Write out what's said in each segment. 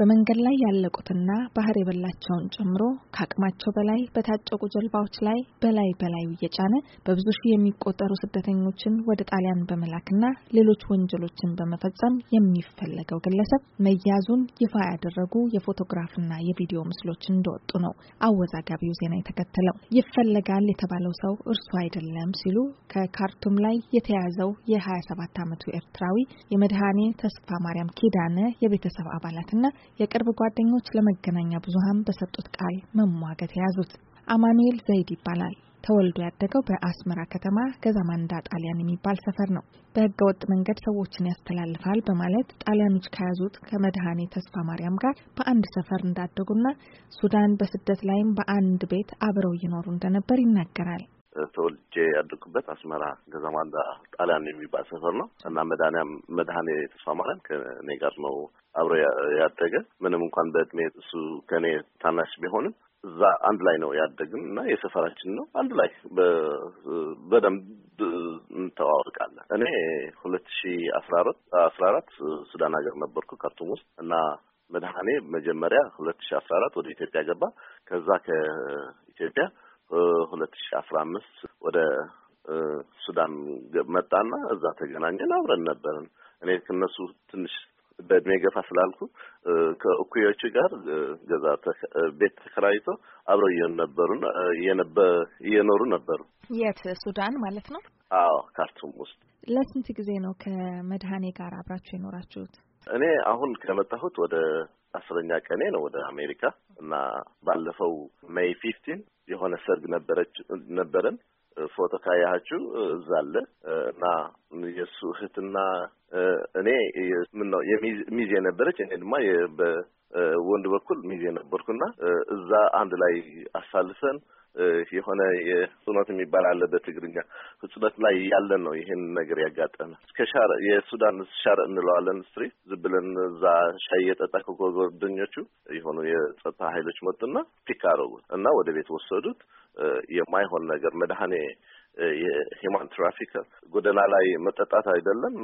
በመንገድ ላይ ያለቁትና ባህር የበላቸውን ጨምሮ ከአቅማቸው በላይ በታጨቁ ጀልባዎች ላይ በላይ በላዩ እየጫነ በብዙ ሺህ የሚቆጠሩ ስደተኞችን ወደ ጣሊያን በመላክና ሌሎች ወንጀሎችን በመፈጸም የሚፈለገው ግለሰብ መያዙን ይፋ ያደረጉ የፎቶግራፍና የቪዲዮ ምስሎች እንደወጡ ነው አወዛጋቢው ዜና የተከተለው። ይፈለጋል የተባለው ሰው እርሱ አይደለም ሲሉ ከካርቱም ላይ የተያዘው የ27 ዓመቱ ኤርትራዊ የመድኃኔ ተስፋ ማርያም ኪዳነ የቤተሰብ አባላትና የቅርብ ጓደኞች ለመገናኛ ብዙሃን በሰጡት ቃል መሟገት የያዙት አማኑኤል ዘይድ ይባላል። ተወልዶ ያደገው በአስመራ ከተማ ገዛማንዳ ጣሊያን የሚባል ሰፈር ነው። በህገ ወጥ መንገድ ሰዎችን ያስተላልፋል በማለት ጣሊያኖች ከያዙት ከመድኃኔ ተስፋ ማርያም ጋር በአንድ ሰፈር እንዳደጉና ሱዳን በስደት ላይም በአንድ ቤት አብረው እየኖሩ እንደነበር ይናገራል። ተወልጄ ያደኩበት አስመራ ገዛማንዳ ጣሊያን የሚባል ሰፈር ነው እና መድኃኒያም መድኃኔ ተስፋ ማርያም ጋር ነው አብሮ ያደገ። ምንም እንኳን በእድሜ እሱ ከኔ ታናሽ ቢሆንም እዛ አንድ ላይ ነው ያደግን እና የሰፈራችን ነው። አንድ ላይ በደንብ እንተዋወቃለን። እኔ ሁለት ሺ አስራ አራት አስራ አራት ሱዳን ሀገር ነበርኩ ካርቱም ውስጥ እና መድኃኔ መጀመሪያ ሁለት ሺ አስራ አራት ወደ ኢትዮጵያ ገባ። ከዛ ከኢትዮጵያ ሁለት ሺ አስራ አምስት ወደ ሱዳን መጣና እዛ ተገናኘን፣ አብረን ነበርን። እኔ ከነሱ ትንሽ በእድሜ ገፋ ስላልኩ ከእኩዮቹ ጋር ገዛ ቤት ተከራይቶ አብረው እየነበሩ እየኖሩ ነበሩ። የት ሱዳን ማለት ነው? አዎ ካርቱም ውስጥ። ለስንት ጊዜ ነው ከመድኃኔ ጋር አብራችሁ የኖራችሁት? እኔ አሁን ከመጣሁት ወደ አስረኛ ቀኔ ነው ወደ አሜሪካ እና ባለፈው ሜይ ፊፍቲን የሆነ ሰርግ ነበረች ነበረን ፎቶ ካያችሁ እዛ አለ እና የእሱ እህትና እኔ ምን ነው ሚዜ ነበረች። እኔ ድማ በወንድ በኩል ሚዜ ነበርኩና እዛ አንድ ላይ አሳልፈን የሆነ የሱነት የሚባል አለ በትግርኛ ህጹነት ላይ ያለን ነው። ይህን ነገር ያጋጠመ እስከ ሻር የሱዳን ሻር እንለዋለን ስትሪ ዝም ብለን እዛ ሻይ የጠጣ ከጓደኞቹ የሆኑ የጸጥታ ኃይሎች መጡና ፒክ አደረጉት እና ወደ ቤት ወሰዱት። የማይሆን ነገር መድኃኔ የሂማን ትራፊክ ጎደና ላይ መጠጣት አይደለም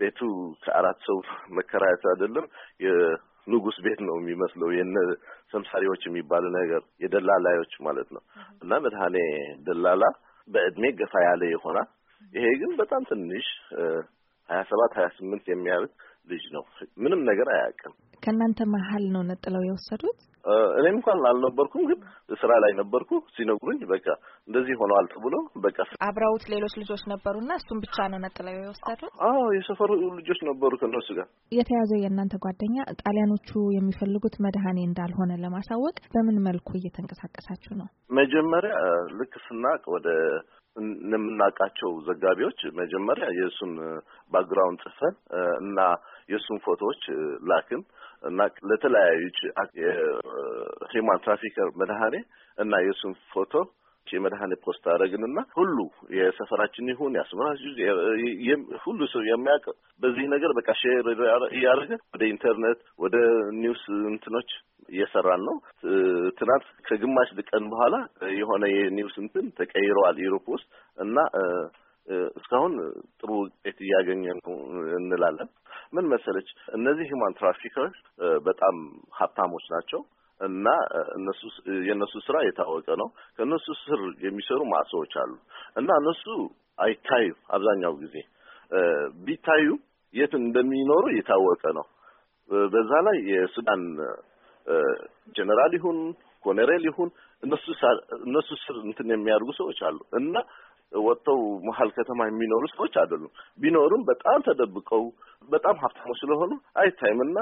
ቤቱ ከአራት ሰው መከራየት አይደለም ንጉስ ቤት ነው የሚመስለው የነ ሰምሳሪዎች የሚባል ነገር የደላላዮች ማለት ነው። እና መድኃኔ ደላላ በእድሜ ገፋ ያለ ይሆናል። ይሄ ግን በጣም ትንሽ ሀያ ሰባት ሀያ ስምንት የሚያዩት ልጅ ነው። ምንም ነገር አያውቅም። ከእናንተ መሀል ነው ነጥለው የወሰዱት። እኔም እንኳን አልነበርኩም፣ ግን ስራ ላይ ነበርኩ። ሲነግሩኝ በቃ እንደዚህ ሆነዋል ተብሎ በቃ አብረውት ሌሎች ልጆች ነበሩና እሱም ብቻ ነው ነጥለው የወሰዱት። አዎ የሰፈሩ ልጆች ነበሩ ከእነሱ ጋር። የተያዘው የእናንተ ጓደኛ ጣሊያኖቹ የሚፈልጉት መድኃኔ እንዳልሆነ ለማሳወቅ በምን መልኩ እየተንቀሳቀሳችሁ ነው? መጀመሪያ ልክ ስናቅ ወደ እንደምናውቃቸው ዘጋቢዎች መጀመሪያ የእሱን ባክግራውንድ ጽፈን እና የእሱን ፎቶዎች ላክን እና ለተለያዩ ሂማን ትራፊከር መድኃኔ እና የእሱን ፎቶ የመድኃኔ ፖስት አደረግንና ሁሉ የሰፈራችን ይሁን የአስመራ ሁሉ ሰው የሚያውቅ በዚህ ነገር በቃ ሼር እያደረገ ወደ ኢንተርኔት ወደ ኒውስ እንትኖች እየሰራን ነው። ትናንት ከግማሽ ቀን በኋላ የሆነ የኒውስ እንትን ተቀይረዋል ኢሮፕ ውስጥ እና እስካሁን ጥሩ ውጤት እያገኘ ነው እንላለን። ምን መሰለች፣ እነዚህ ሂማን ትራፊከርስ በጣም ሀብታሞች ናቸው እና እነሱ የእነሱ ስራ የታወቀ ነው። ከእነሱ ስር የሚሰሩ ማሰዎች አሉ እና እነሱ አይታዩ አብዛኛው ጊዜ ቢታዩ የት እንደሚኖሩ የታወቀ ነው። በዛ ላይ የሱዳን ጀኔራል ይሁን ኮሎኔል ይሁን እነሱ እነሱ ስር እንትን የሚያደርጉ ሰዎች አሉ እና ወጥተው መሀል ከተማ የሚኖሩ ሰዎች አይደሉም። ቢኖሩም በጣም ተደብቀው በጣም ሀብታሞች ስለሆኑ አይታይም እና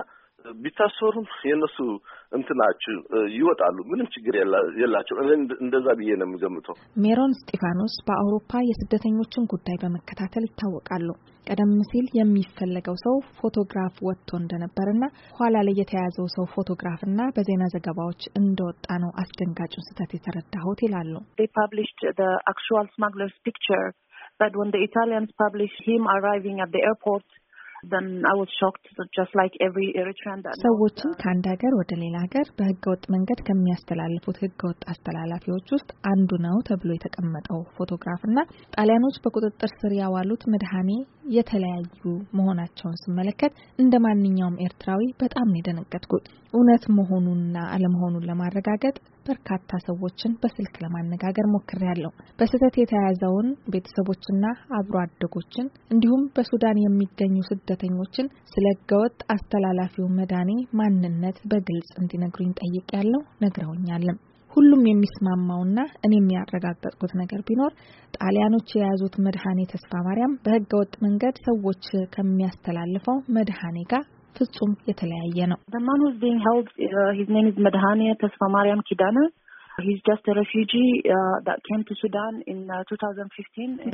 ቢታሰሩም የእነሱ እንትናቸው ይወጣሉ። ምንም ችግር የላቸው። እንደዛ ብዬ ነው የምገምተው። ሜሮን ስጢፋኖስ በአውሮፓ የስደተኞችን ጉዳይ በመከታተል ይታወቃሉ። ቀደም ሲል የሚፈለገው ሰው ፎቶግራፍ ወጥቶ እንደነበርና ኋላ ላይ የተያዘው ሰው ፎቶግራፍና በዜና ዘገባዎች እንደወጣ ነው አስደንጋጩን ስህተት የተረዳሁት ይላሉ። ሪፐብሊሽድ ሰዎችን uh, ከአንድ ሀገር ወደ ሌላ ሀገር በህገወጥ መንገድ ከሚያስተላልፉት ህገወጥ አስተላላፊዎች ውስጥ አንዱ ነው ተብሎ የተቀመጠው ፎቶግራፍ እና ጣሊያኖች በቁጥጥር ስር ያዋሉት መድኃኔ የተለያዩ መሆናቸውን ስመለከት እንደ ማንኛውም ኤርትራዊ በጣም ነው የደነገጥኩት። እውነት መሆኑንና አለመሆኑን ለማረጋገጥ በርካታ ሰዎችን በስልክ ለማነጋገር ሞክሬያለሁ። በስህተት የተያዘውን ቤተሰቦችና አብሮ አደጎችን እንዲሁም በሱዳን የሚገኙ ስደተኞችን ስለ ህገወጥ አስተላላፊው መድኃኔ ማንነት በግልጽ እንዲነግሩኝ ጠይቄያለሁ። ነግረውኛልም። ሁሉም የሚስማማውና እኔ የሚያረጋገጥኩት ነገር ቢኖር ጣሊያኖች የያዙት መድኃኔ ተስፋ ማርያም በህገወጥ መንገድ ሰዎች ከሚያስተላልፈው መድኃኔ ጋር ፍጹም የተለያየ ነው። መድኃኔ ተስፋ ማርያም ኪዳነ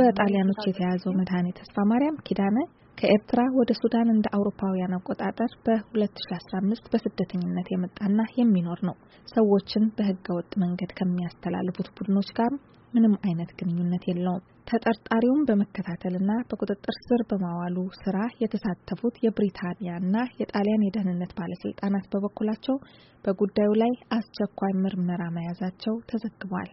በጣሊያኖች የተያዘው መድኃኔ ተስፋ ማርያም ኪዳነ ከኤርትራ ወደ ሱዳን እንደ አውሮፓውያን አቆጣጠር በ2015 በስደተኝነት የመጣና የሚኖር ነው። ሰዎችን በህገወጥ መንገድ ከሚያስተላልፉት ቡድኖች ጋር ምንም አይነት ግንኙነት የለውም። በመከታተል በመከታተልና በቁጥጥር ስር በማዋሉ ስራ የተሳተፉት የብሪታንያና የጣሊያን የደህንነት ባለስልጣናት በበኩላቸው በጉዳዩ ላይ አስቸኳይ ምርመራ መያዛቸው ተዘግቧል።